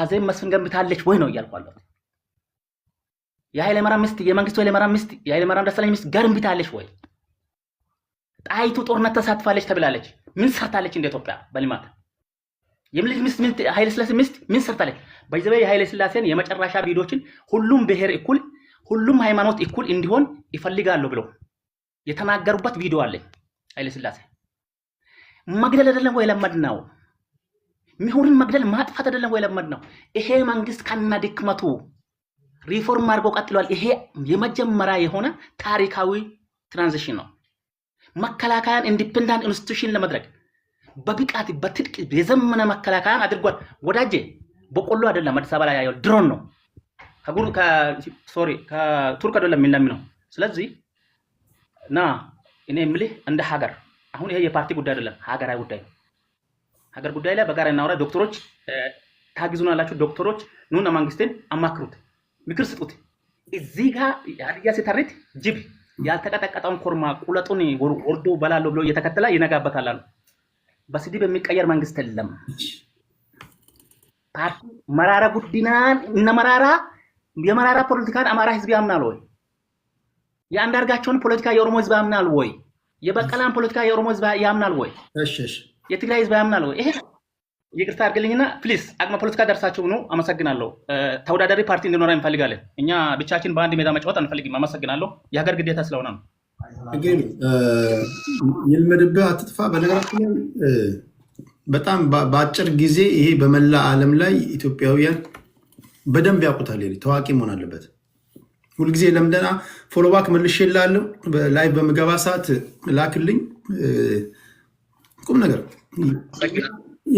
አዜብ መስፍን ገንብታለች ወይ ነው እያልኳለሁ። የኃይለማርያም ሚስት የመንግስቱ ኃይለማርያም ሚስት የኃይለማርያም ደሳለኝ ሚስት ገንብታለች ወይ? ጣይቱ ጦርነት ተሳትፋለች ተብላለች። ምን ሰርታለች? እንደ ኢትዮጵያ በልማት የምልጅ ሚስት ምን ኃይለ ስላሴ ሚስት ምን ሰርታለች? በዚህ ላይ የኃይለ ስላሴን የመጨረሻ ቪዲዮችን ሁሉም ብሔር እኩል፣ ሁሉም ሃይማኖት እኩል እንዲሆን ይፈልጋሉ ብሎ የተናገሩበት ቪዲዮ አለ። ኃይለ ስላሴ መግደል አይደለም ወይ ለመድናው ምሁርን መግደል ማጥፋት አይደለም ወይ ለመድ ነው። ይሄ መንግስት ከና ድክመቱ ሪፎርም አድርጎ ቀጥሏል። ይሄ የመጀመሪያ የሆነ ታሪካዊ ትራንዚሽን ነው። መከላከያን ኢንዲፔንዳንት ኢንስቲቱሽን ለመድረግ በብቃት በትጥቅ የዘመነ መከላከያን አድርጓል። ወዳጄ በቆሎ አይደለም አዲስ አበባ ላይ ያየው ድሮን ነው። ከጉር ሶሪ ከቱርክ አይደለም ነው። ስለዚህ እና እኔ የምልህ እንደ ሀገር አሁን ይሄ የፓርቲ ጉዳይ አይደለም፣ ሀገራዊ ጉዳይ ነው። ሀገር ጉዳይ ላይ በጋራ እናውራ። ዶክተሮች ታግዙናላችሁ። ዶክተሮች ኑና መንግስትን አማክሩት፣ ምክር ስጡት። እዚህ ጋር ሀዲያ ሲተርት ጅብ ያልተቀጠቀጠውን ኮርማ ቁለጡን ወርዶ በላለው ብሎ እየተከተለ ይነጋበታል አሉ። በስድብ የሚቀየር መንግስት የለም። ፓርቲ መራራ ጉዲናን እነ መራራ የመራራ ፖለቲካን አማራ ህዝብ ያምናል ወይ? የአንዳርጋቸውን ፖለቲካ የኦሮሞ ህዝብ ያምናል ወይ? የበቀላን ፖለቲካ የኦሮሞ ህዝብ ያምናል ወይ? እሺ እሺ የትግራይ ህዝብ ያምናል ወይ? ይሄ ይቅርታ አድርግልኝና ፕሊስ አቅመ ፖለቲካ ደርሳችሁ ነው። አመሰግናለሁ። ተወዳዳሪ ፓርቲ እንዲኖራ እንፈልጋለን። እኛ ብቻችን በአንድ ሜዳ መጫወት አንፈልግም። አመሰግናለሁ። የሀገር ግዴታ ስለሆነ ነው። ግን ይልመድብህ አትጥፋ። በነገራችን በጣም በአጭር ጊዜ ይሄ በመላ ዓለም ላይ ኢትዮጵያውያን በደንብ ያውቁታል። ታዋቂ መሆን አለበት። ሁልጊዜ ለምደና ፎሎባክ መልሼ ላይ በምገባ ሰዓት ላክልኝ። ቁም ነገር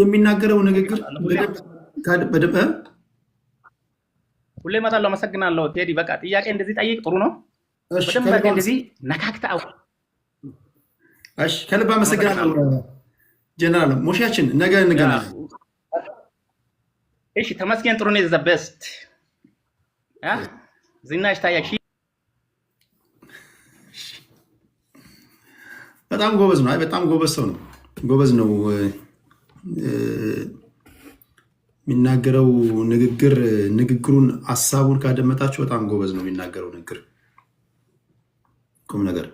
የሚናገረው ንግግር ሁሌ እመጣለሁ። አመሰግናለሁ ቴዲ። በቃ ጥያቄ እንደዚህ ጠይቅ፣ ጥሩ ነው። እንደዚህ ነካክተህ አውቅ። እሺ፣ ከልብ አመሰግናለሁ ጀነራል ሙሻችን። ነገ እንገናለን። እሺ፣ ተመስገን ጥሩ ነው። ዘ ቤስት ዝናሽ ታያሽ በጣም ጎበዝ ነው። አይ በጣም ጎበዝ ሰው ነው። ጎበዝ ነው። የሚናገረው ንግግር ንግግሩን ሀሳቡን ካደመጣችሁ በጣም ጎበዝ ነው የሚናገረው ንግግር ቁም ነገር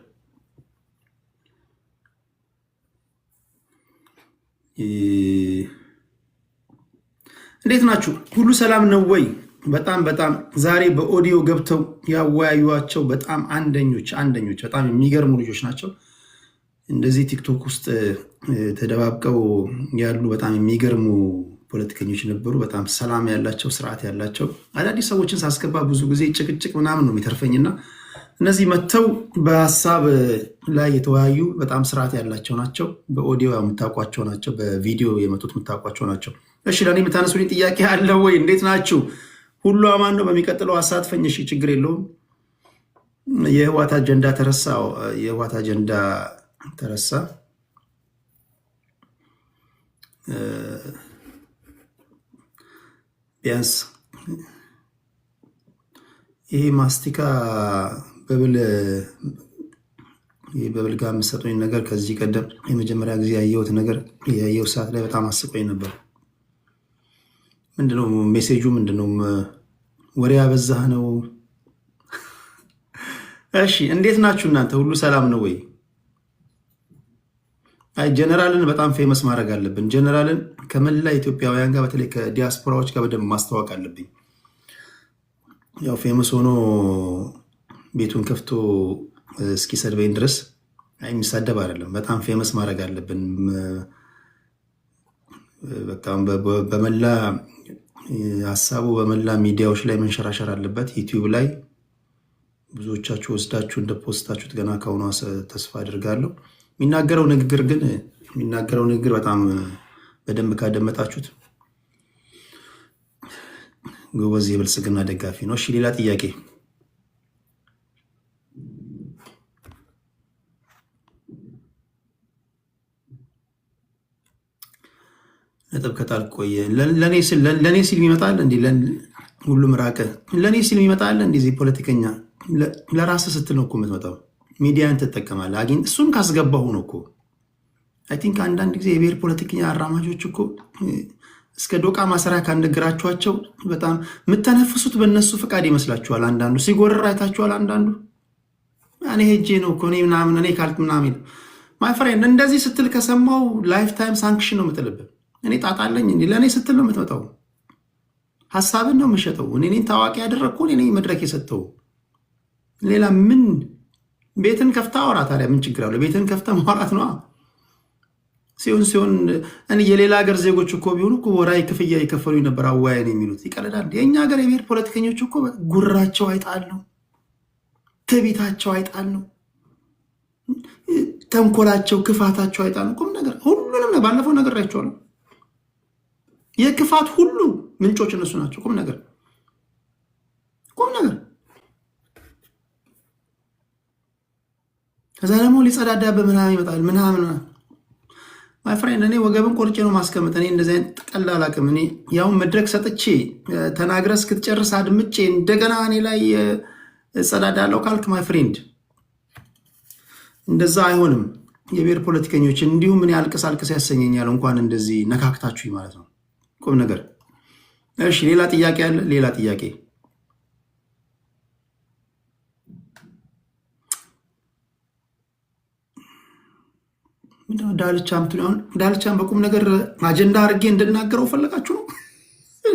እንዴት ናችሁ? ሁሉ ሰላም ነው ወይ? በጣም በጣም ዛሬ በኦዲዮ ገብተው ያወያዩቸው በጣም አንደኞች አንደኞች በጣም የሚገርሙ ልጆች ናቸው። እንደዚህ ቲክቶክ ውስጥ ተደባብቀው ያሉ በጣም የሚገርሙ ፖለቲከኞች ነበሩ። በጣም ሰላም ያላቸው ስርዓት ያላቸው አዳዲስ ሰዎችን ሳስገባ ብዙ ጊዜ ጭቅጭቅ ምናምን ነው የሚተርፈኝና እነዚህ መጥተው በሀሳብ ላይ የተወያዩ በጣም ስርዓት ያላቸው ናቸው። በኦዲዮ የምታውቋቸው ናቸው። በቪዲዮ የመጡት የምታውቋቸው ናቸው። እሺ ለእኔ የምታነሱልኝ ጥያቄ አለ ወይ? እንዴት ናችሁ? ሁሉ አማን ነው። በሚቀጥለው አሳትፈኝ። እሺ ችግር የለውም። የህዋት አጀንዳ ተረሳው። የህዋት አጀንዳ ተረሳ። ቢያንስ ይሄ ማስቲካ በብል ይህ በብል ጋር የምሰጠኝ ነገር ከዚህ ቀደም የመጀመሪያ ጊዜ ያየሁት ነገር ያየሁት ሰዓት ላይ በጣም አስቆኝ ነበር። ምንድነው ሜሴጁ? ምንድነው ወሬ ያበዛህ ነው? እሺ፣ እንዴት ናችሁ እናንተ? ሁሉ ሰላም ነው ወይ? ጀነራልን በጣም ፌመስ ማድረግ አለብን። ጀነራልን ከመላ ኢትዮጵያውያን ጋር በተለይ ከዲያስፖራዎች ጋር በደንብ ማስተዋወቅ አለብኝ። ያው ፌመስ ሆኖ ቤቱን ከፍቶ እስኪሰድበኝ ድረስ የሚሳደብ አይደለም። በጣም ፌመስ ማድረግ አለብን። በጣም በመላ ሀሳቡ በመላ ሚዲያዎች ላይ መንሸራሸር አለበት። ዩቲዩብ ላይ ብዙዎቻችሁ ወስዳችሁ እንደፖስታችሁት ገና ከሆኗ ተስፋ አድርጋለሁ። የሚናገረው ንግግር ግን የሚናገረው ንግግር በጣም በደንብ ካደመጣችሁት ጎበዝ የብልጽግና ደጋፊ ነው። እሺ ሌላ ጥያቄ ነጥብ ከጣል ቆየ። ለእኔ ሲል ይመጣል እንዲ ሁሉም ራቀ። ለእኔ ሲል ይመጣል እንዲህ ፖለቲከኛ ለራስ ስትል ነው እኮ የምትመጣው። ሚዲያን ትጠቀማለህ። አግኝ እሱን ካስገባሁ ነው እኮ አይ ቲንክ አንዳንድ ጊዜ የብሔር ፖለቲከኛ አራማጆች እኮ እስከ ዶቃ ማሰሪያ ካነግራችኋቸው በጣም የምተነፍሱት በእነሱ ፈቃድ ይመስላችኋል። አንዳንዱ ሲጎርር አይታችኋል። አንዳንዱ እኔ ሄጄ ነው እኮ እኔ ምናምን እኔ ካልክ ምናምን ማይ ፍሬንድ እንደዚህ ስትል ከሰማው ላይፍ ታይም ሳንክሽን ነው የምጥልብህ። እኔ ጣጣለኝ እ ለእኔ ስትል ነው የምትመጣው። ሀሳብን ነው የምሸጠው። እኔ ታዋቂ ያደረግኩ እኔ መድረክ የሰጠው ሌላ ምን ቤትን ከፍታ አውራ። ታዲያ ምን ችግር አለው? ቤትን ከፍታ ማውራት ነዋ። ሲሆን ሲሆን እኔ የሌላ ሀገር ዜጎች እኮ ቢሆኑ እኮ ወራይ ክፍያ የከፈሉ ነበር አወያየን የሚሉት ይቀለዳል። የእኛ ሀገር የብሔር ፖለቲከኞች እኮ ጉራቸው አይጣሉ ትቢታቸው አይጣሉ፣ ተንኮላቸው፣ ክፋታቸው አይጣሉ። ቁም ነገር ሁሉንም ባለፈው ነገር የክፋት ሁሉ ምንጮች እነሱ ናቸው። ቁም ነገር ቁም ነገር ከዛ ደግሞ ሊጸዳዳ በምናምን ይመጣል ምናምን ማይ ፍሬንድ፣ እኔ ወገብን ቆርጬ ነው ማስቀምጥ። እኔ እንደዚህ አይነት ቀላል አቅም እኔ ያውን መድረክ ሰጥቼ ተናግረ እስክትጨርስ አድምጬ እንደገና እኔ ላይ እጸዳዳለው ካልክ ማይ ፍሬንድ፣ እንደዛ አይሆንም። የብሔር ፖለቲከኞች እንዲሁም እኔ አልቅስ አልቅስ ያሰኘኛል። እንኳን እንደዚህ ነካክታችሁኝ ማለት ነው ቁም ነገር። እሺ ሌላ ጥያቄ አለ? ሌላ ጥያቄ ዳልቻ ምትሁን ዳልቻን በቁም ነገር አጀንዳ አድርጌ እንድናገረው ፈለጋችሁ ነው?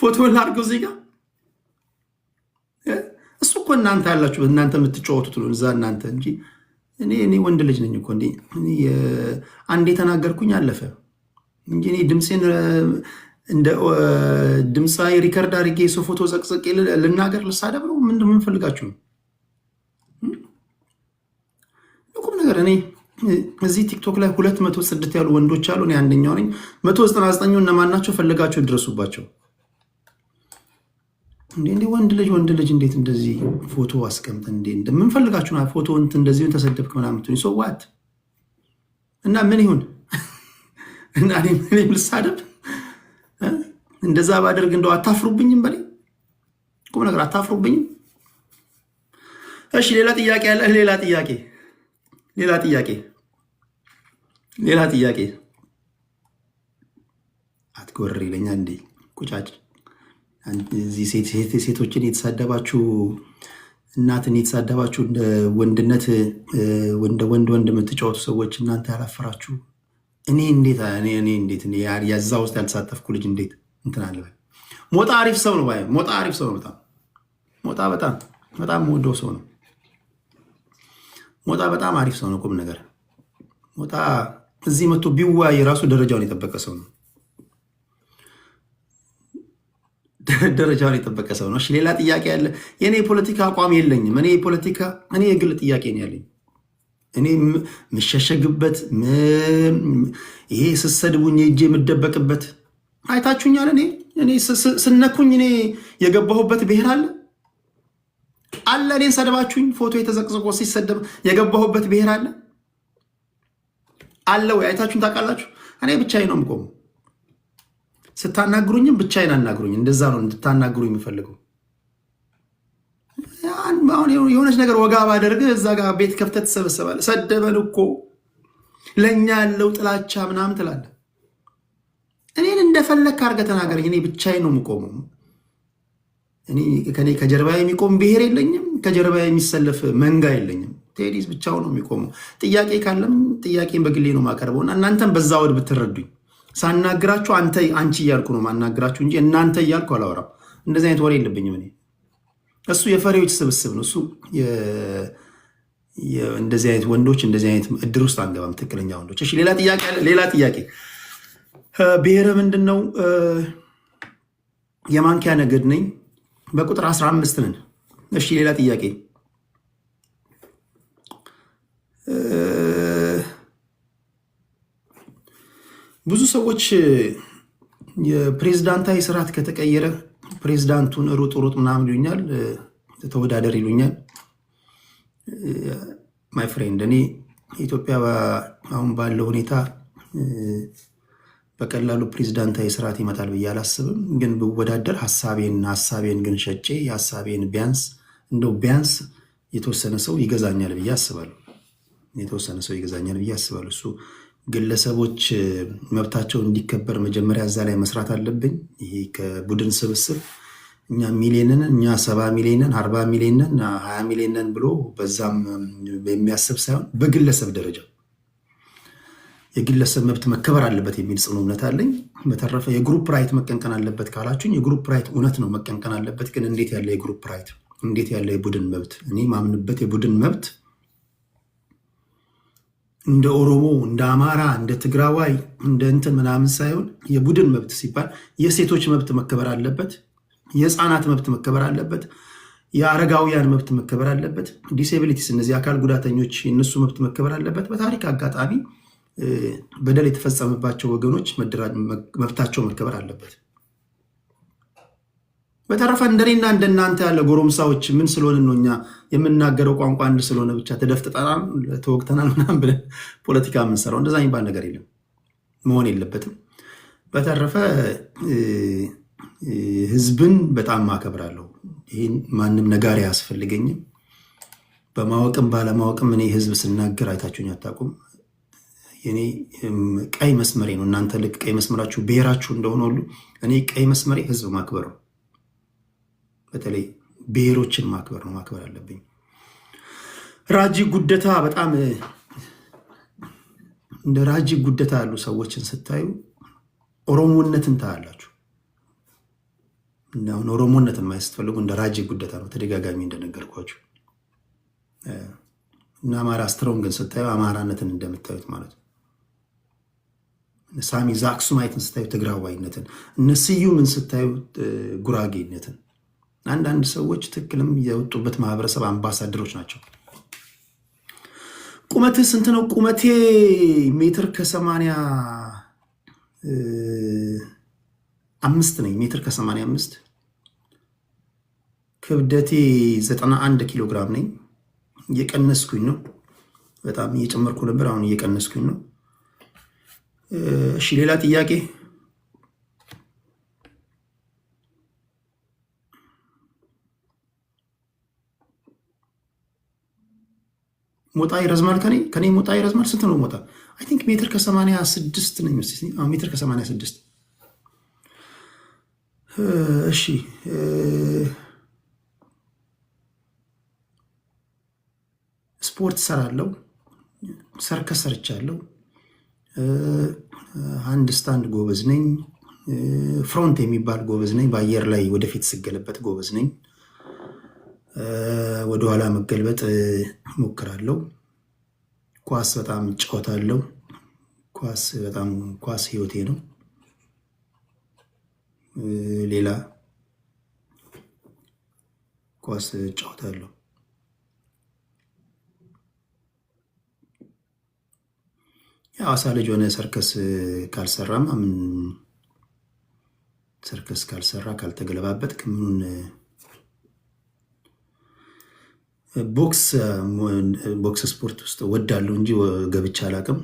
ፎቶ ላድርገው እዚህ ጋር እሱ እኮ እናንተ ያላችሁ እናንተ የምትጫወቱት ነው እዛ እናንተ እንጂ እኔ እኔ ወንድ ልጅ ነኝ እኮ እንዴ አንድ የተናገርኩኝ አለፈ እንጂ እኔ ድምፄን እንደ ድምፃዊ ሪከርድ አድርጌ ሰው ፎቶ ዘቅዘቅ ልናገር ልሳደብ ነው? ምን ፈልጋችሁ ነው? ቁም ነገር እኔ እዚህ ቲክቶክ ላይ ሁለት መቶ ጽድት ያሉ ወንዶች አሉ። እኔ አንደኛው ነኝ። መቶ ዘጠና ዘጠኙ እነማን ናቸው? ፈለጋቸው ድረሱባቸው። እንዴ ወንድ ልጅ ወንድ ልጅ እንዴት እንደዚህ ፎቶ አስቀምጥ እንዴ እንደምንፈልጋችሁ ፎቶ እንትን እንደዚህ ተሰደብክ ምናምን ሰዋት እና ምን ይሁን እና ልሳደብ? እንደዛ ባደርግ እንደው አታፍሩብኝም? በ ቁም ነገር አታፍሩብኝም? እሺ ሌላ ጥያቄ ያለ ሌላ ጥያቄ ሌላ ጥያቄ ሌላ ጥያቄ አትጎር ይለኛል እንዴ? ቁጫጭ ሴቶችን የተሳደባችሁ እናትን የተሳደባችሁ እንደ ወንድነት ወንደ ወንድ ወንድ የምትጫወቱ ሰዎች እናንተ ያላፈራችሁ፣ እኔ እንዴት እኔ እንዴት ያዛ ውስጥ ያልተሳተፍኩ ልጅ እንዴት እንትን አለ። ሞጣ አሪፍ ሰው ነው። ሞጣ አሪፍ ሰው ነው። በጣም ሞጣ በጣም በጣም ወደው ሰው ነው። ሞጣ በጣም አሪፍ ሰው ነው። ቁም ነገር ሞጣ እዚህ መጥቶ ቢወያይ ራሱ ደረጃውን የጠበቀ ሰው ነው። ደረጃውን የጠበቀ ሰው ነው። ሌላ ጥያቄ ያለ? የእኔ የፖለቲካ አቋም የለኝም። እኔ የፖለቲካ እኔ የግል ጥያቄ ነው ያለኝ። እኔ የምሸሸግበት ይሄ ስሰድቡኝ እጄ የምደበቅበት አይታችሁኛል። እኔ እኔ ስነኩኝ እኔ የገባሁበት ብሔር አለ አለ። እኔን ሰድባችሁኝ ፎቶ የተዘቅዝቆ ሲሰደብ የገባሁበት ብሔር አለ አለ ወይ? አይታችሁን ታውቃላችሁ። እኔ ብቻዬን ነው የምቆመው። ስታናግሩኝም ብቻዬን አናግሩኝ። እንደዛ ነው እንድታናግሩ የሚፈልገው። አሁን የሆነች ነገር ወጋ ባደርግ እዛ ጋር ቤት ከፍተህ ትሰበሰባለህ። ሰደበን እኮ ለእኛ ያለው ጥላቻ ምናምን ትላለህ። እኔን እንደፈለግክ አድርገህ ተናገረኝ። እኔ ብቻዬን ነው የምቆመው። እኔ ከጀርባ የሚቆም ብሔር የለኝም፣ ከጀርባ የሚሰለፍ መንጋ የለኝም። ቴዲስ ብቻው ነው የሚቆመው። ጥያቄ ካለም ጥያቄን በግሌ ነው ማቀርበው እና እናንተም በዛ ወድ ብትረዱኝ። ሳናግራችሁ አንተ አንቺ እያልኩ ነው ማናግራችሁ እንጂ እናንተ እያልኩ አላወራም። እንደዚህ አይነት ወሬ የለብኝም እኔ። እሱ የፈሪዎች ስብስብ ነው እሱ። እንደዚህ አይነት ወንዶች እንደዚህ አይነት እድር ውስጥ አንገባም። ትክክለኛ ወንዶች። እሺ፣ ሌላ ጥያቄ አለ። ሌላ ጥያቄ ብሔረ ምንድን ነው? የማንኪያ ነገድ ነኝ በቁጥር 15 ነን። እሺ ሌላ ጥያቄ ብዙ ሰዎች የፕሬዝዳንታዊ ስርዓት ከተቀየረ ፕሬዝዳንቱን ሩጥ ሩጥ ምናምን ይሉኛል፣ ተወዳደር ይሉኛል። ማይ ፍሬንድ እኔ ኢትዮጵያ አሁን ባለው ሁኔታ በቀላሉ ፕሬዚዳንታዊ ስርዓት ይመጣል ብዬ አላስብም። ግን ብወዳደር ሀሳቤን ሀሳቤን ግን ሸጬ የሀሳቤን ቢያንስ እንደው ቢያንስ የተወሰነ ሰው ይገዛኛል ብዬ አስባለሁ። የተወሰነ ሰው ይገዛኛል ብዬ አስባለሁ። እሱ ግለሰቦች መብታቸው እንዲከበር መጀመሪያ እዛ ላይ መስራት አለብኝ። ይሄ ከቡድን ስብስብ እኛ ሚሊየንን እኛ ሰባ ሚሊየንን አርባ ሚሊየንን ሀያ ሚሊየንን ብሎ በዛም የሚያስብ ሳይሆን በግለሰብ ደረጃ የግለሰብ መብት መከበር አለበት የሚል ጽኑ እምነት አለኝ። በተረፈ የግሩፕ ራይት መቀንቀን አለበት ካላችሁኝ የግሩፕ ራይት እውነት ነው መቀንቀን አለበት። ግን እንዴት ያለ የግሩፕ ራይት፣ እንዴት ያለ የቡድን መብት? እኔ ማምንበት የቡድን መብት እንደ ኦሮሞ፣ እንደ አማራ፣ እንደ ትግራዋይ፣ እንደ እንትን ምናምን ሳይሆን የቡድን መብት ሲባል የሴቶች መብት መከበር አለበት፣ የህፃናት መብት መከበር አለበት፣ የአረጋውያን መብት መከበር አለበት፣ ዲሴቢሊቲስ እነዚህ አካል ጉዳተኞች የእነሱ መብት መከበር አለበት። በታሪክ አጋጣሚ በደል የተፈጸመባቸው ወገኖች መብታቸው መከበር አለበት። በተረፈ እንደኔና እንደናንተ ያለ ጎረምሳዎች ምን ስለሆነ ነው እኛ የምናገረው ቋንቋ አንድ ስለሆነ ብቻ ተደፍጥጠናል፣ ተወቅተናል ምናምን ብለን ፖለቲካ የምንሰራው እንደዛ የሚባል ነገር የለም፣ መሆን የለበትም። በተረፈ ህዝብን በጣም ማከብራለሁ። ይህን ማንም ነጋሪ አያስፈልገኝም። በማወቅም ባለማወቅም እኔ ህዝብ ስናገር አይታችሁኝ አታውቁም። እኔ ቀይ መስመሬ ነው። እናንተ ልክ ቀይ መስመራችሁ ብሔራችሁ እንደሆነ ሁሉ እኔ ቀይ መስመሬ ህዝብ ማክበር ነው። በተለይ ብሔሮችን ማክበር ነው፣ ማክበር አለብኝ። ራጂ ጉደታ በጣም እንደ ራጂ ጉደታ ያሉ ሰዎችን ስታዩ ኦሮሞነትን ታያላችሁ። አሁን ኦሮሞነት የማያስፈልጉ እንደ ራጂ ጉደታ ነው፣ ተደጋጋሚ እንደነገርኳችሁ እና አማራ ስትሮንግን ስታዩ አማራነትን እንደምታዩት ማለት ነው። ሳሚ ዛክሱማይትን ስታዩ ትግራዋይነትን፣ እነ ስዩምን ስታዩ ጉራጌነትን። አንዳንድ ሰዎች ትክክልም የወጡበት ማህበረሰብ አምባሳደሮች ናቸው። ቁመትህ ስንት ነው? ቁመቴ ሜትር ከሰማንያ አምስት ነኝ። ሜትር ከሰማንያ አምስት ክብደቴ ዘጠና አንድ ኪሎ ግራም ነኝ። እየቀነስኩኝ ነው። በጣም እየጨመርኩ ነበር፣ አሁን እየቀነስኩኝ ነው። እሺ ሌላ ጥያቄ? ሞጣ ይረዝማል። ከኔ ከኔ ሞጣ ይረዝማል። ስንት ነው ሞጣ? አይ ቲንክ ሜትር ከሰማንያ ስድስት ነው የሚመስለኝ። ሜትር ከሰማንያ ስድስት እሺ ስፖርት ሰራለው፣ ሰርከስ ሰርቻለው አንድ ስታንድ ጎበዝ ነኝ፣ ፍሮንት የሚባል ጎበዝ ነኝ፣ በአየር ላይ ወደፊት ስገለበት ጎበዝ ነኝ፣ ወደኋላ መገልበጥ ሞክራለሁ፣ ኳስ በጣም እጫወታለሁ፣ ኳስ በጣም ኳስ ህይወቴ ነው። ሌላ ኳስ እጫወታለሁ። የአዋሳ ልጅ ሆነ ሰርከስ ካልሰራ ምን ሰርከስ ካልሰራ ካልተገለባበት ምኑን ቦክስ ቦክስ ስፖርት ውስጥ ወዳለሁ እንጂ ገብቼ አላውቅም።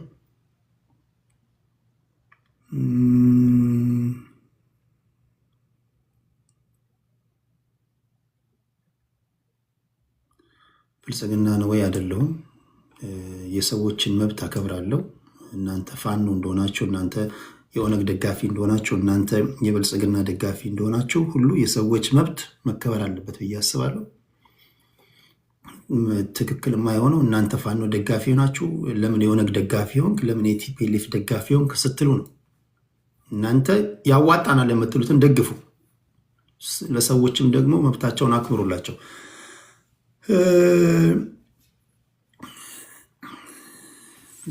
ብልጽግና ነው ወይ አይደለሁም። የሰዎችን መብት አከብራለሁ። እናንተ ፋኖ እንደሆናችሁ እናንተ የኦነግ ደጋፊ እንደሆናችሁ እናንተ የብልጽግና ደጋፊ እንደሆናችሁ ሁሉ የሰዎች መብት መከበር አለበት ብዬ አስባለሁ። ትክክል የማይሆነው እናንተ ፋኖ ደጋፊ ሆናችሁ ለምን የኦነግ ደጋፊ ሆንክ፣ ለምን የቲፒኤልኤፍ ደጋፊ ሆንክ ስትሉ ነው። እናንተ ያዋጣናል የምትሉትን ደግፉ፣ ለሰዎችም ደግሞ መብታቸውን አክብሩላቸው።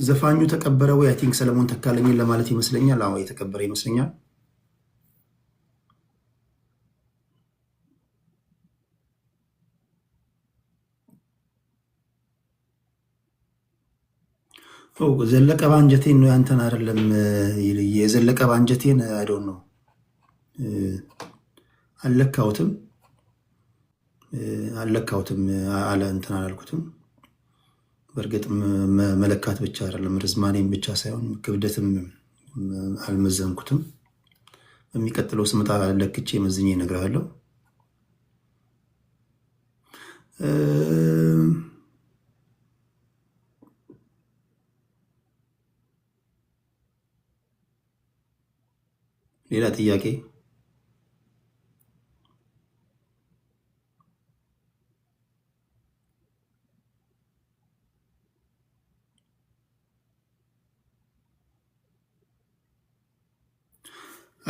ዘፋኙ ተቀበረ ወይ? አይ ቲንክ ሰለሞን ተካለኝን ለማለት ይመስለኛል። አዎ የተቀበረ ይመስለኛል። ዘለቀ ባንጀቴን ነው ያንተን አይደለም። የዘለቀ ባንጀቴን አይዶን ነው አልለካሁትም፣ አልለካሁትም አለ እንትን አላልኩትም። በእርግጥ መለካት ብቻ አይደለም፣ ርዝማኔም ብቻ ሳይሆን ክብደትም አልመዘንኩትም። በሚቀጥለው ስመጣ ለክቼ መዝኜ እነግርሃለሁ። ሌላ ጥያቄ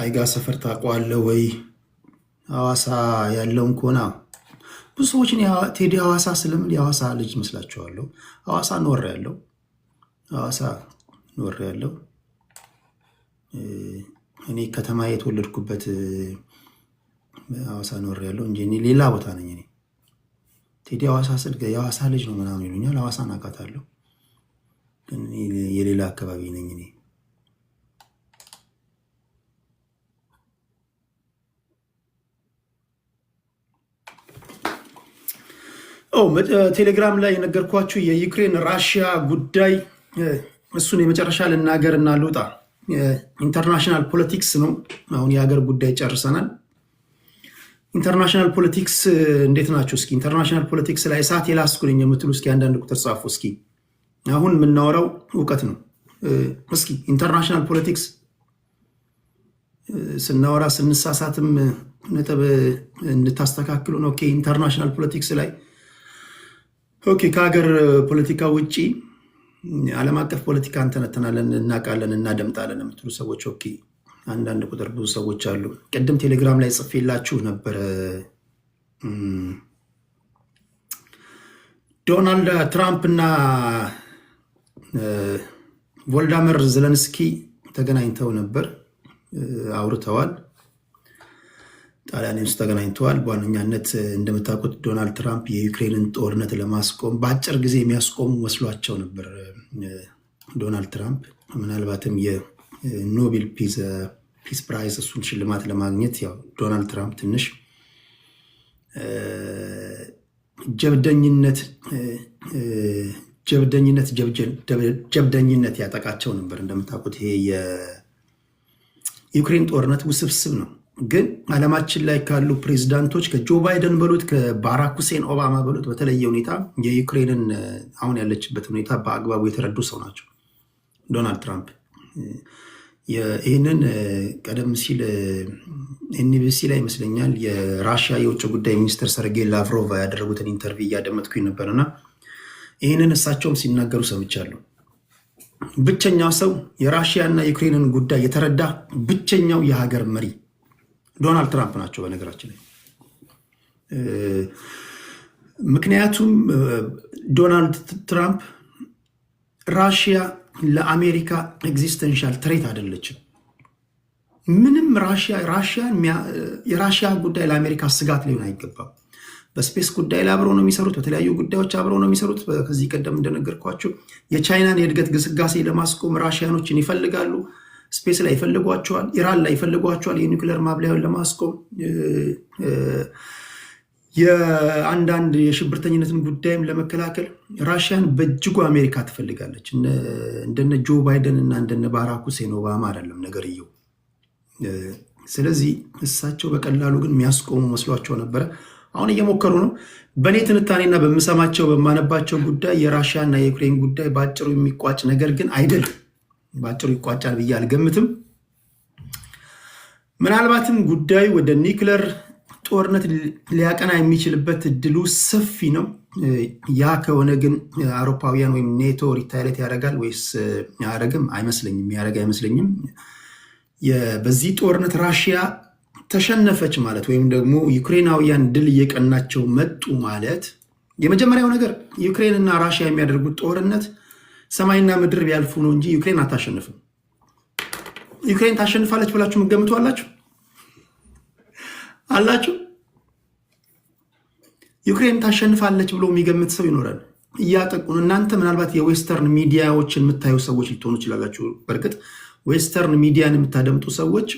አይጋ ሰፈር ታውቀዋለህ ወይ? ሐዋሳ ያለውን ከሆነ ብዙ ሰዎችን ቴዲ ሐዋሳ ስለምን የሐዋሳ ልጅ ይመስላችኋለሁ ሐዋሳ ኖር ያለው ሐዋሳ ኖር ያለው እኔ ከተማ የተወለድኩበት ሐዋሳ ኖር ያለው እንጂ እኔ ሌላ ቦታ ነኝ። እኔ ቴዲ ሐዋሳ ስል የሐዋሳ ልጅ ነው ምናምን ይሉኛል። ሐዋሳን አውቃታለሁ ግን የሌላ አካባቢ ነኝ እኔ ቴሌግራም ላይ የነገርኳችሁ የዩክሬን ራሽያ ጉዳይ እሱን የመጨረሻ ልናገር እና ልውጣ። ኢንተርናሽናል ፖለቲክስ ነው። አሁን የሀገር ጉዳይ ጨርሰናል። ኢንተርናሽናል ፖለቲክስ እንዴት ናቸው? እስኪ ኢንተርናሽናል ፖለቲክስ ላይ እሳት የላስኩልኝ የምትሉ እስኪ አንዳንድ ቁጥር ጻፉ። እስኪ አሁን የምናወራው እውቀት ነው። እስኪ ኢንተርናሽናል ፖለቲክስ ስናወራ ስንሳሳትም ነጥብ እንድታስተካክሉ ነው። ኢንተርናሽናል ፖለቲክስ ላይ ኦኬ ከሀገር ፖለቲካ ውጭ ዓለም አቀፍ ፖለቲካ እንተነተናለን፣ እናውቃለን፣ እናደምጣለን የምትሉ ሰዎች ኦኬ፣ አንዳንድ ቁጥር ብዙ ሰዎች አሉ። ቅድም ቴሌግራም ላይ ጽፌላችሁ ነበረ። ዶናልድ ትራምፕ እና ቮልዳመር ዘለንስኪ ተገናኝተው ነበር፣ አውርተዋል። ጣሊያን ውስጥ ተገናኝተዋል። በዋነኛነት እንደምታውቁት ዶናልድ ትራምፕ የዩክሬንን ጦርነት ለማስቆም በአጭር ጊዜ የሚያስቆሙ መስሏቸው ነበር። ዶናልድ ትራምፕ ምናልባትም የኖቤል ፒስ ፕራይዝ እሱን ሽልማት ለማግኘት ያው ዶናልድ ትራምፕ ትንሽ ጀብደኝነት ጀብደኝነት ጀብደኝነት ያጠቃቸው ነበር። እንደምታውቁት ይሄ የዩክሬን ጦርነት ውስብስብ ነው። ግን አለማችን ላይ ካሉ ፕሬዚዳንቶች ከጆ ባይደን በሉት ከባራክ ሁሴን ኦባማ በሉት በተለየ ሁኔታ የዩክሬንን አሁን ያለችበት ሁኔታ በአግባቡ የተረዱ ሰው ናቸው ዶናልድ ትራምፕ። ይህንን ቀደም ሲል ኤንቢሲ ላይ ይመስለኛል የራሽያ የውጭ ጉዳይ ሚኒስትር ሰርጌይ ላቭሮቭ ያደረጉትን ኢንተርቪው እያደመጥኩኝ ነበርና ይህንን እሳቸውም ሲናገሩ ሰምቻለሁ። ብቸኛው ሰው የራሽያና የዩክሬንን ጉዳይ የተረዳ ብቸኛው የሀገር መሪ ዶናልድ ትራምፕ ናቸው በነገራችን ላይ። ምክንያቱም ዶናልድ ትራምፕ ራሽያ ለአሜሪካ ኤግዚስተንሻል ትሬት አይደለችም። ምንም የራሽያ ጉዳይ ለአሜሪካ ስጋት ሊሆን አይገባም። በስፔስ ጉዳይ ላይ አብረው ነው የሚሰሩት። በተለያዩ ጉዳዮች አብረው ነው የሚሰሩት። ከዚህ ቀደም እንደነገርኳቸው የቻይናን የእድገት ግስጋሴ ለማስቆም ራሽያኖችን ይፈልጋሉ። ስፔስ ላይ ይፈልጓቸዋል፣ ኢራን ላይ ይፈልጓቸዋል፣ የኒውክሌር ማብለያውን ለማስቆም የአንዳንድ የሽብርተኝነትን ጉዳይም ለመከላከል ራሽያን በእጅጉ አሜሪካ ትፈልጋለች። እንደነ ጆ ባይደን እና እንደነ ባራክ ሁሴን ኦባማ አይደለም ነገርየው። ስለዚህ እሳቸው በቀላሉ ግን የሚያስቆሙ መስሏቸው ነበረ። አሁን እየሞከሩ ነው። በእኔ ትንታኔና በምሰማቸው በማነባቸው ጉዳይ የራሽያና የዩክሬን ጉዳይ በአጭሩ የሚቋጭ ነገር ግን አይደለም። በአጭሩ ይቋጫል ብዬ አልገምትም። ምናልባትም ጉዳዩ ወደ ኒክለር ጦርነት ሊያቀና የሚችልበት እድሉ ሰፊ ነው። ያ ከሆነ ግን አውሮፓውያን ወይም ኔቶ ሪታይለት ያደርጋል ወይስ አያደርግም? አይመስለኝም። ያደርግ አይመስለኝም። በዚህ ጦርነት ራሽያ ተሸነፈች ማለት ወይም ደግሞ ዩክሬናውያን ድል እየቀናቸው መጡ ማለት የመጀመሪያው ነገር ዩክሬን እና ራሽያ የሚያደርጉት ጦርነት ሰማይና ምድር ቢያልፉ ነው እንጂ ዩክሬን አታሸንፍም። ዩክሬን ታሸንፋለች ብላችሁ የምትገምቱ አላችሁ አላችሁ? ዩክሬን ታሸንፋለች ብሎ የሚገምት ሰው ይኖራል። እያጠቁን እናንተ ምናልባት የዌስተርን ሚዲያዎችን የምታዩ ሰዎች ልትሆኑ ይችላላችሁ። በእርግጥ ዌስተርን ሚዲያን የምታደምጡ ሰዎች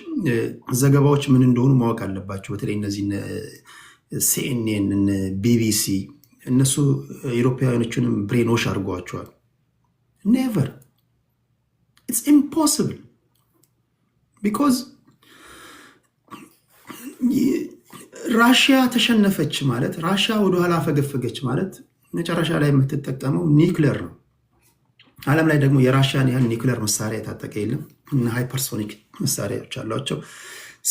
ዘገባዎች ምን እንደሆኑ ማወቅ አለባቸው። በተለይ እነዚህ ሲኤንኤን፣ ቢቢሲ እነሱ የኢሮፓውያኖችንም ብሬኖሽ አድርገዋቸዋል። ኔቨር ኢትስ ኢምፖስብል ቢኮዝ ራሽያ ተሸነፈች ማለት ራሽያ ወደኋላ አፈገፈገች ማለት መጨረሻ ላይ የምትጠቀመው ኒክለር ነው። ዓለም ላይ ደግሞ የራሽያን ያህል ኒክለር መሳሪያ የታጠቀ የለም እና ሃይፐርሶኒክ መሳሪያዎች አሏቸው።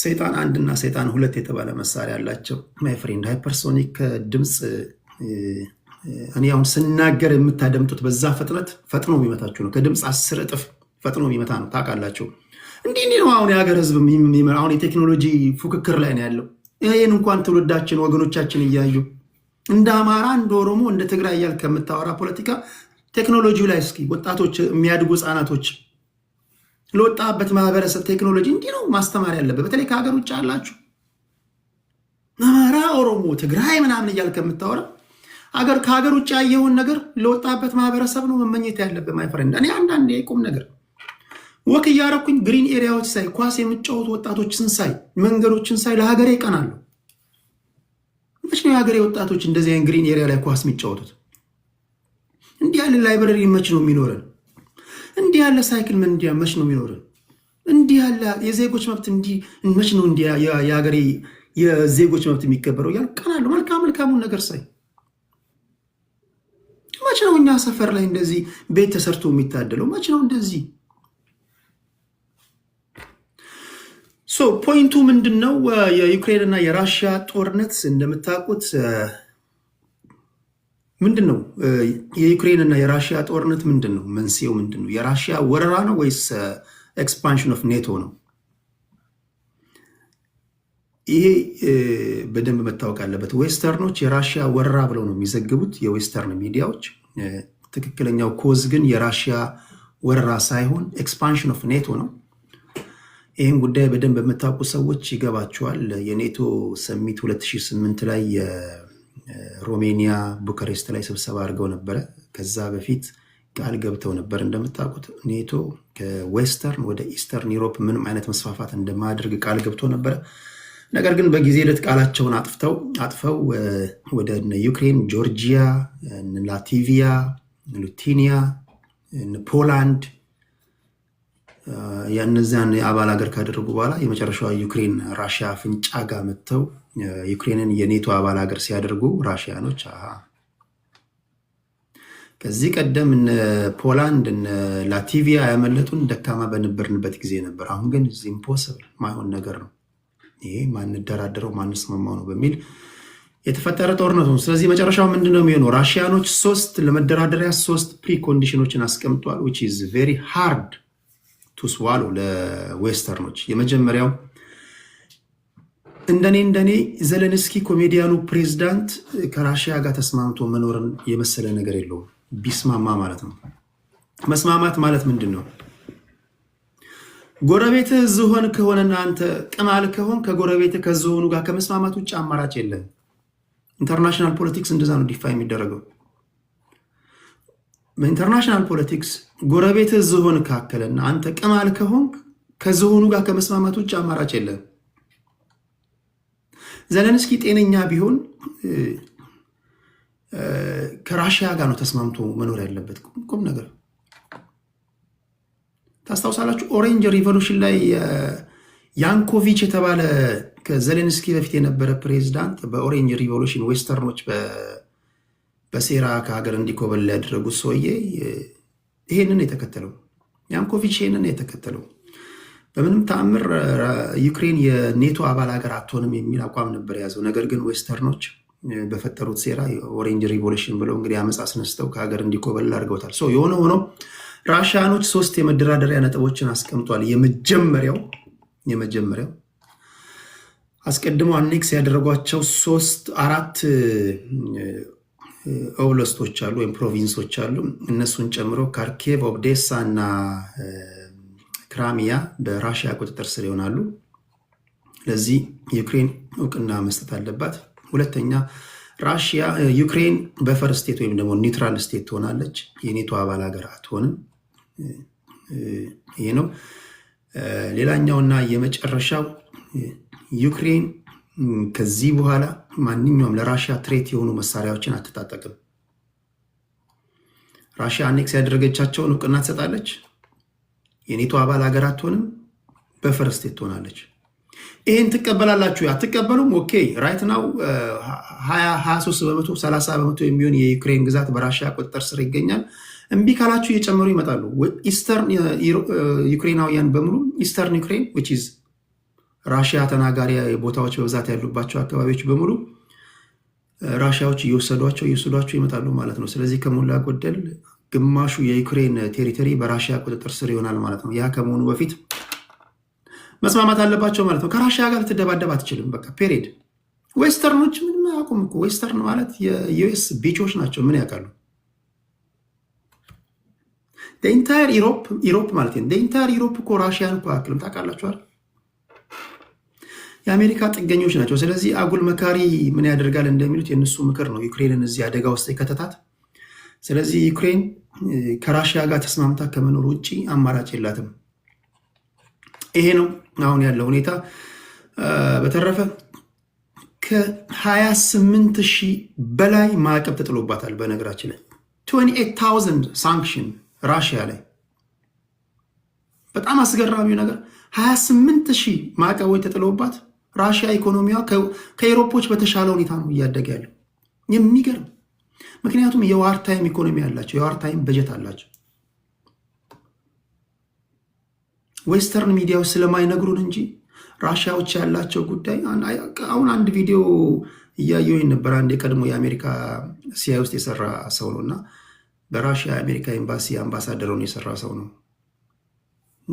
ሰይጣን አንድ እና ሰይጣን ሁለት የተባለ መሳሪያ አላቸው። ማይ ፍሬንድ ሃይፐርሶኒክ ከድምፅ እኔ አሁን ስናገር የምታደምጡት በዛ ፍጥነት ፈጥኖ የሚመታችሁ ነው። ከድምፅ አስር እጥፍ ፈጥኖ የሚመታ ነው። ታውቃላችሁ። እንዲህ እንዲህ ነው አሁን የሀገር ህዝብ አሁን የቴክኖሎጂ ፉክክር ላይ ነው ያለው። ይህን እንኳን ትውልዳችን ወገኖቻችን እያዩ እንደ አማራ እንደ ኦሮሞ እንደ ትግራይ እያል ከምታወራ ፖለቲካ ቴክኖሎጂ ላይ እስኪ ወጣቶች የሚያድጉ ህጻናቶች ለወጣበት ማህበረሰብ ቴክኖሎጂ እንዲህ ነው ማስተማር ያለበት። በተለይ ከሀገር ውጭ አላችሁ አማራ፣ ኦሮሞ፣ ትግራይ ምናምን እያል ከምታወራ አገር ከሀገር ውጭ ያየውን ነገር ለወጣበት ማህበረሰብ ነው መመኘት ያለብን። ማይፈረንድ እኔ አንዳንድ የቁም ነገር ወክ እያረኩኝ ግሪን ኤሪያዎች ሳይ፣ ኳስ የምጫወቱ ወጣቶችን ሳይ፣ መንገዶችን ሳይ ለሀገሬ እቀናለሁ። መች ነው የሀገሬ ወጣቶች እንደዚህ ግሪን ኤሪያ ላይ ኳስ የሚጫወቱት? እንዲህ ያለ ላይብረሪ መች ነው የሚኖረን? እንዲህ ያለ ሳይክል መንዲያ መች ነው የሚኖረን? እንዲህ ያለ የዜጎች መብት መች ነው የሀገሬ የዜጎች መብት የሚከበረው? እያሉ እቀናለሁ። መልካም መልካሙን ነገር ሳይ መች ነው እኛ ሰፈር ላይ እንደዚህ ቤት ተሰርቶ የሚታደለው? መች ነው እንደዚህ? ፖይንቱ ምንድን ነው? የዩክሬን እና የራሽያ ጦርነት እንደምታውቁት ምንድን ነው የዩክሬን እና የራሽያ ጦርነት ምንድን ነው? መንስኤው ምንድን ነው? የራሽያ ወረራ ነው ወይስ ኤክስፓንሽን ኦፍ ኔቶ ነው? ይሄ በደንብ መታወቅ አለበት። ዌስተርኖች የራሽያ ወራ ብለው ነው የሚዘግቡት የዌስተርን ሚዲያዎች። ትክክለኛው ኮዝ ግን የራሽያ ወረራ ሳይሆን ኤክስፓንሽን ኦፍ ኔቶ ነው። ይህን ጉዳይ በደንብ በምታውቁ ሰዎች ይገባቸዋል። የኔቶ ሰሚት 2008 ላይ የሮሜኒያ ቡካሬስት ላይ ስብሰባ አድርገው ነበረ። ከዛ በፊት ቃል ገብተው ነበር። እንደምታውቁት ኔቶ ከዌስተርን ወደ ኢስተርን ዩሮፕ ምንም አይነት መስፋፋት እንደማያደርግ ቃል ገብቶ ነበረ። ነገር ግን በጊዜ ሂደት ቃላቸውን አጥፍተው አጥፈው ወደ ዩክሬን፣ ጆርጂያ፣ ላቲቪያ፣ ሉቲኒያ፣ ፖላንድ ያነዚያን የአባል ሀገር ካደረጉ በኋላ የመጨረሻዋ ዩክሬን ራሽያ ፍንጫ ጋር መጥተው ዩክሬንን የኔቶ አባል ሀገር ሲያደርጉ ራሽያኖች ከዚህ ቀደም እነ ፖላንድ እነ ላቲቪያ ያመለጡን ደካማ በነበርንበት ጊዜ ነበር። አሁን ግን ኢምፖስብል ማይሆን ነገር ነው። ይሄ ማንደራደረው ማንስማማው ነው በሚል የተፈጠረ ጦርነት ነው። ስለዚህ መጨረሻው ምንድን ነው የሚሆነው? ራሽያኖች ሶስት ለመደራደሪያ ሶስት ፕሪኮንዲሽኖችን አስቀምጧል። ዊች ኢዝ ቬሪ ሃርድ ቱ ስዋሎ ለዌስተርኖች። የመጀመሪያው እንደኔ እንደኔ ዘለንስኪ ኮሜዲያኑ ፕሬዚዳንት ከራሽያ ጋር ተስማምቶ መኖርን የመሰለ ነገር የለውም። ቢስማማ ማለት ነው። መስማማት ማለት ምንድን ነው? ጎረቤትህ ዝሆን ከሆነና አንተ ቅማል ከሆን ከጎረቤትህ ከዝሆኑ ጋር ከመስማማት ውጭ አማራጭ የለም። ኢንተርናሽናል ፖለቲክስ እንደዛ ነው ዲፋ የሚደረገው። በኢንተርናሽናል ፖለቲክስ ጎረቤትህ ዝሆን ካከለና አንተ ቅማል ከሆን ከዝሆኑ ጋር ከመስማማት ውጭ አማራጭ የለም። ዘለንስኪ ጤነኛ ቢሆን ከራሽያ ጋር ነው ተስማምቶ መኖር ያለበት ቁም ነገር ታስታውሳላችሁ ኦሬንጅ ሪቮሉሽን ላይ ያንኮቪች የተባለ ከዘሌንስኪ በፊት የነበረ ፕሬዚዳንት በኦሬንጅ ሪቮሉሽን ዌስተርኖች በሴራ ከሀገር እንዲኮበል ያደረጉት ሰውዬ ይሄንን የተከተለው ያንኮቪች ይሄንን የተከተለው በምንም ተአምር ዩክሬን የኔቶ አባል ሀገር አትሆንም የሚል አቋም ነበር የያዘው። ነገር ግን ዌስተርኖች በፈጠሩት ሴራ ኦሬንጅ ሪቮሉሽን ብለው እንግዲህ አመፅ አስነስተው ከሀገር እንዲኮበል አድርገውታል። የሆነ ሆኖ ራሽያኖች ሶስት የመደራደሪያ ነጥቦችን አስቀምጧል። የመጀመሪያው የመጀመሪያው አስቀድሞ አኔክስ ያደረጓቸው ሶስት አራት ኦብለስቶች አሉ ወይም ፕሮቪንሶች አሉ። እነሱን ጨምሮ ካርኬቭ፣ ኦብዴሳ እና ክራሚያ በራሽያ ቁጥጥር ስር ይሆናሉ። ለዚህ ዩክሬን እውቅና መስጠት አለባት። ሁለተኛ ራሽያ ዩክሬን በፈር ስቴት ወይም ደግሞ ኒውትራል ስቴት ትሆናለች። የኔቶ አባል ሀገር አትሆንም። ይሄ ነው። ሌላኛውና የመጨረሻው ዩክሬን ከዚህ በኋላ ማንኛውም ለራሽያ ትሬት የሆኑ መሳሪያዎችን አትታጠቅም። ራሽያ አኔክስ ያደረገቻቸውን እውቅና ትሰጣለች። የኔቶ አባል ሀገር አትሆንም። በፈርስት ትሆናለች። ይህን ትቀበላላችሁ አትቀበሉም? ኦኬ ራይት ናው 23 በመቶ 30 በመቶ የሚሆን የዩክሬን ግዛት በራሽያ ቁጥጥር ስር ይገኛል። እምቢ ካላችሁ እየጨመሩ ይመጣሉ። ኢስተርን ዩክሬናውያን uh, uh, በሙሉ ኢስተርን ዩክሬን ዊች ኢዝ ራሽያ ተናጋሪ ቦታዎች በብዛት ያሉባቸው አካባቢዎች በሙሉ ራሽያዎች uh, እየወሰዷቸው እየወሰዷቸው ይመጣሉ ማለት ነው። ስለዚህ ከሞላ ጎደል ግማሹ የዩክሬን ቴሪቶሪ በራሽያ ቁጥጥር ስር ይሆናል ማለት ነው። ያ ከመሆኑ በፊት መስማማት አለባቸው ማለት ነው። ከራሽያ ጋር ልትደባደብ አትችልም። በቃ ፔሪድ። ዌስተርኖች ምንም አያውቁም እኮ ዌስተርን ማለት የዩኤስ ቢቾች ናቸው። ምን ያውቃሉ? ኢንታየር ኢሮፕ ኢሮፕ ማለት ነው። ኢንታየር ኢሮፕ እኮ ራሽያን እኮ አያክልም። ታውቃላችኋል። የአሜሪካ ጥገኞች ናቸው። ስለዚህ አጉል መካሪ ምን ያደርጋል እንደሚሉት የእነሱ ምክር ነው ዩክሬንን እዚህ አደጋ ውስጥ የከተታት። ስለዚህ ዩክሬን ከራሽያ ጋር ተስማምታ ከመኖር ውጭ አማራጭ የላትም። ይሄ ነው አሁን ያለው ሁኔታ። በተረፈ ከ28 ሺህ በላይ ማዕቀብ ተጥሎባታል። በነገራችን ላይ 28000 ሳንክሽን ራሽያ ላይ በጣም አስገራሚው ነገር 28 ሺህ ማዕቀቦች ተጥለውባት ራሽያ ኢኮኖሚዋ ከኤሮፖች በተሻለ ሁኔታ ነው እያደገ ያለው። የሚገርም ምክንያቱም የዋር ታይም ኢኮኖሚ አላቸው፣ የዋር ታይም በጀት አላቸው። ዌስተርን ሚዲያዎች ስለማይነግሩን እንጂ ራሽያዎች ያላቸው ጉዳይ አሁን አንድ ቪዲዮ እያየሁኝ ነበር። አንድ የቀድሞ የአሜሪካ ሲአይ ውስጥ የሰራ ሰው ነው እና በራሽያ የአሜሪካ ኤምባሲ አምባሳደሩን የሰራ ሰው ነው።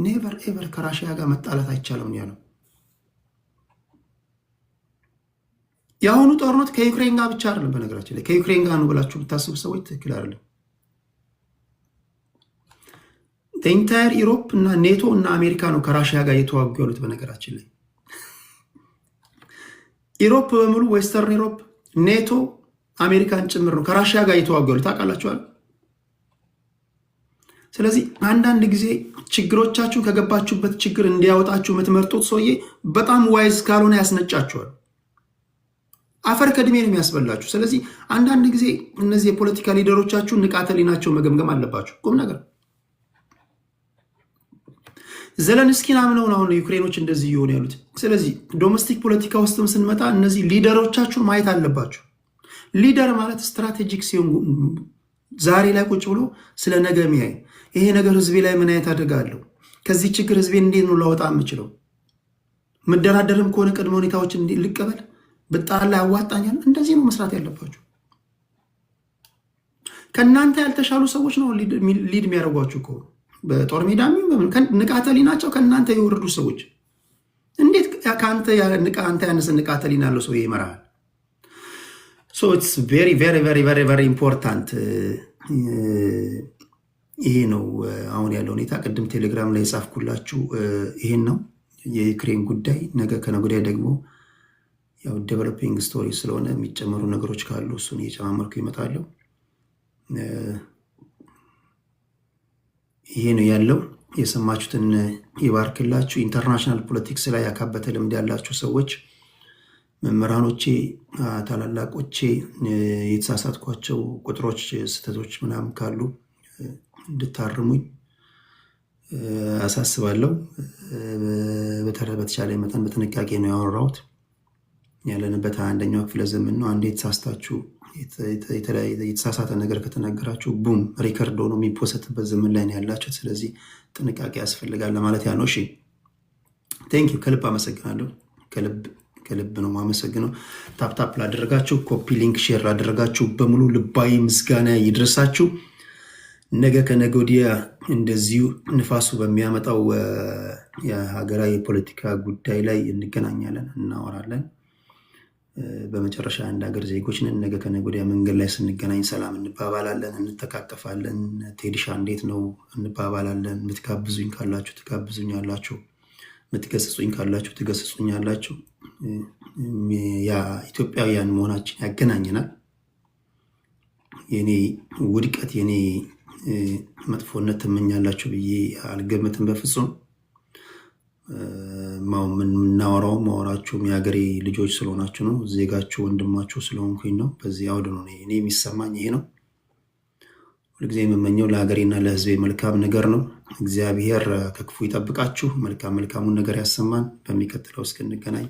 ኔቨር ኤቨር ከራሽያ ጋር መጣላት አይቻልም ያለው የአሁኑ ጦርነት ከዩክሬን ጋር ብቻ አይደለም። በነገራችን ላይ ከዩክሬን ጋር ነው ብላችሁ ብታስቡ ሰዎች ትክክል አይደለም። ኢንታየር ኢሮፕ እና ኔቶ እና አሜሪካ ነው ከራሽያ ጋር እየተዋጉ ያሉት። በነገራችን ላይ ኢሮፕ በሙሉ ዌስተርን ሮፕ ኔቶ አሜሪካን ጭምር ነው ከራሽያ ጋር እየተዋጉ ያሉት። ታውቃላችኋል። ስለዚህ አንዳንድ ጊዜ ችግሮቻችሁ ከገባችሁበት ችግር እንዲያወጣችሁ የምትመርጡት ሰውዬ በጣም ዋይዝ ካልሆነ ያስነጫችኋል። አፈር ከድሜ ነው የሚያስበላችሁ። ስለዚህ አንዳንድ ጊዜ እነዚህ የፖለቲካ ሊደሮቻችሁ ንቃተ ሊናቸው መገምገም አለባችሁ። ቁም ነገር ዘለንስኪን አምነውን አሁን ዩክሬኖች እንደዚህ እየሆኑ ያሉት። ስለዚህ ዶሜስቲክ ፖለቲካ ውስጥም ስንመጣ እነዚህ ሊደሮቻችሁን ማየት አለባችሁ። ሊደር ማለት ስትራቴጂክ ሲሆን ዛሬ ላይ ቁጭ ብሎ ስለ ነገ ሚያይ ይሄ ነገር ህዝቤ ላይ ምን አይነት አደጋ አለው? ከዚህ ችግር ህዝቤ እንዴት ነው ላወጣ የምችለው? መደራደርም ከሆነ ቅድመ ሁኔታዎች ልቀበል ብጣላ ያዋጣኛል። እንደዚህ ነው መስራት ያለባችሁ። ከእናንተ ያልተሻሉ ሰዎች ነው ሊድ የሚያደርጓችሁ ከሆኑ በጦር ሜዳ ንቃተሊ ናቸው። ከእናንተ የወረዱ ሰዎች እንዴት ከአንተ ያነሰ ንቃተ ያለው ሰው ይመራሃል? ሶ ኢትስ ቬሪ ቬሪ ቬሪ ቬሪ ቬሪ ኢምፖርታንት ይሄ ነው uh, አሁን ያለው ሁኔታ። ቅድም ቴሌግራም ላይ የጻፍኩላችሁ uh, ይሄን ነው የዩክሬን ጉዳይ። ነገ ከነገ ወዲያ ደግሞ ያው ዴቨሎፒንግ ስቶሪ ስለሆነ የሚጨመሩ ነገሮች ካሉ እሱን እየጨማመርኩ ይመጣለሁ። uh, ይሄ ነው ያለው። የሰማችሁትን ይባርክላችሁ። ኢንተርናሽናል ፖለቲክስ ላይ ያካበተ ልምድ ያላችሁ ሰዎች መምህራኖቼ፣ ታላላቆቼ የተሳሳትኳቸው ቁጥሮች፣ ስህተቶች ምናምን ካሉ እንድታርሙኝ አሳስባለሁ። በተቻለ መጠን በጥንቃቄ ነው ያወራሁት። ያለንበት አንደኛው ክፍለ ዘመን ነው። አንዴ የተሳስታችሁ የተሳሳተ ነገር ከተናገራችሁ ቡም ሪከርድ ሆኖ የሚፖሰትበት ዘመን ላይ ነው ያላችሁት። ስለዚህ ጥንቃቄ ያስፈልጋል ለማለት ያነው። እሺ ቴንክ ዩ ከልብ አመሰግናለሁ ከልብ ከልብ ነው ማመሰግነው። ታፕታፕ ላደረጋችሁ፣ ኮፒ ሊንክ ሼር ላደረጋችሁ በሙሉ ልባዊ ምስጋና ይድረሳችሁ። ነገ ከነገ ወዲያ እንደዚሁ ንፋሱ በሚያመጣው የሀገራዊ የፖለቲካ ጉዳይ ላይ እንገናኛለን፣ እናወራለን። በመጨረሻ አንድ ሀገር ዜጎች ነን። ነገ ከነገ ወዲያ መንገድ ላይ ስንገናኝ ሰላም እንባባላለን፣ እንተቃቀፋለን። ቴዲሻ እንዴት ነው እንባባላለን። የምትጋብዙኝ ካላችሁ ትጋብዙኝ አላችሁ የምትገስጹኝ ካላችሁ ትገስጹኝ አላችሁ። ኢትዮጵያውያን መሆናችን ያገናኘናል። የኔ ውድቀት የኔ መጥፎነት ትመኛላችሁ ብዬ አልገምትም በፍጹም። የምናወራው ማወራችሁም የሀገሬ ልጆች ስለሆናችሁ ነው። ዜጋችሁ ወንድማችሁ ስለሆንኩኝ ነው። በዚህ አውድ ነው እኔ የሚሰማኝ ይሄ ነው። ሁልጊዜ የምመኘው ለሀገሬና ለህዝብ መልካም ነገር ነው። እግዚአብሔር ከክፉ ይጠብቃችሁ። መልካም መልካሙን ነገር ያሰማን። በሚቀጥለው እስክንገናኝ